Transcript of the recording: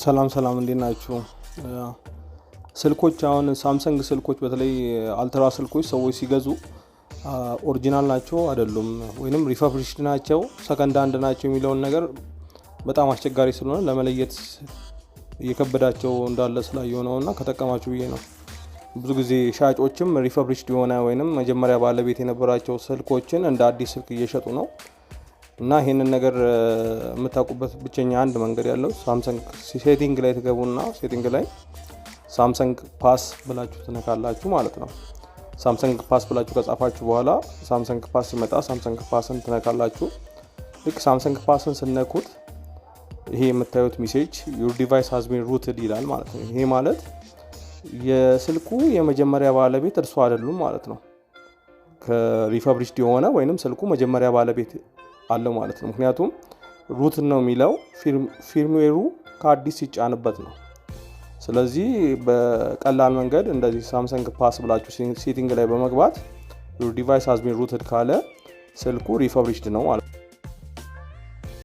ሰላም ሰላም፣ እንዴት ናችሁ? ስልኮች አሁን ሳምሰንግ ስልኮች በተለይ አልትራ ስልኮች ሰዎች ሲገዙ ኦሪጂናል ናቸው አይደሉም፣ ወይም ሪፈብሪሽድ ናቸው፣ ሰከንድ አንድ ናቸው የሚለውን ነገር በጣም አስቸጋሪ ስለሆነ ለመለየት እየከበዳቸው እንዳለ ስላየው ነው እና ከጠቀማችሁ ብዬ ነው። ብዙ ጊዜ ሻጮችም ሪፈብሪሽድ የሆነ ወይም መጀመሪያ ባለቤት የነበራቸው ስልኮችን እንደ አዲስ ስልክ እየሸጡ ነው። እና ይህንን ነገር የምታውቁበት ብቸኛ አንድ መንገድ ያለው ሳምሰንግ ሴቲንግ ላይ ትገቡና ሴቲንግ ላይ ሳምሰንግ ፓስ ብላችሁ ትነካላችሁ ማለት ነው። ሳምሰንግ ፓስ ብላችሁ ከጻፋችሁ በኋላ ሳምሰንግ ፓስ ሲመጣ ሳምሰንግ ፓስን ትነካላችሁ። ልክ ሳምሰንግ ፓስን ስነኩት ይሄ የምታዩት ሚሴጅ ዩር ዲቫይስ ሀዝቢን ሩትድ ይላል ማለት ነው። ይሄ ማለት የስልኩ የመጀመሪያ ባለቤት እርሱ አይደሉም ማለት ነው። ከሪፈብሪሽድ የሆነ ወይንም ስልኩ መጀመሪያ ባለቤት አለ ማለት ነው። ምክንያቱም ሩት ነው የሚለው ፊርምዌሩ ከአዲስ ሲጫንበት ነው። ስለዚህ በቀላል መንገድ እንደዚህ ሳምሰንግ ፓስ ብላችሁ ሴቲንግ ላይ በመግባት ዲቫይስ አዝሚን ሩትድ ካለ ስልኩ ሪፈብሪሽድ ነው ማለት ነው።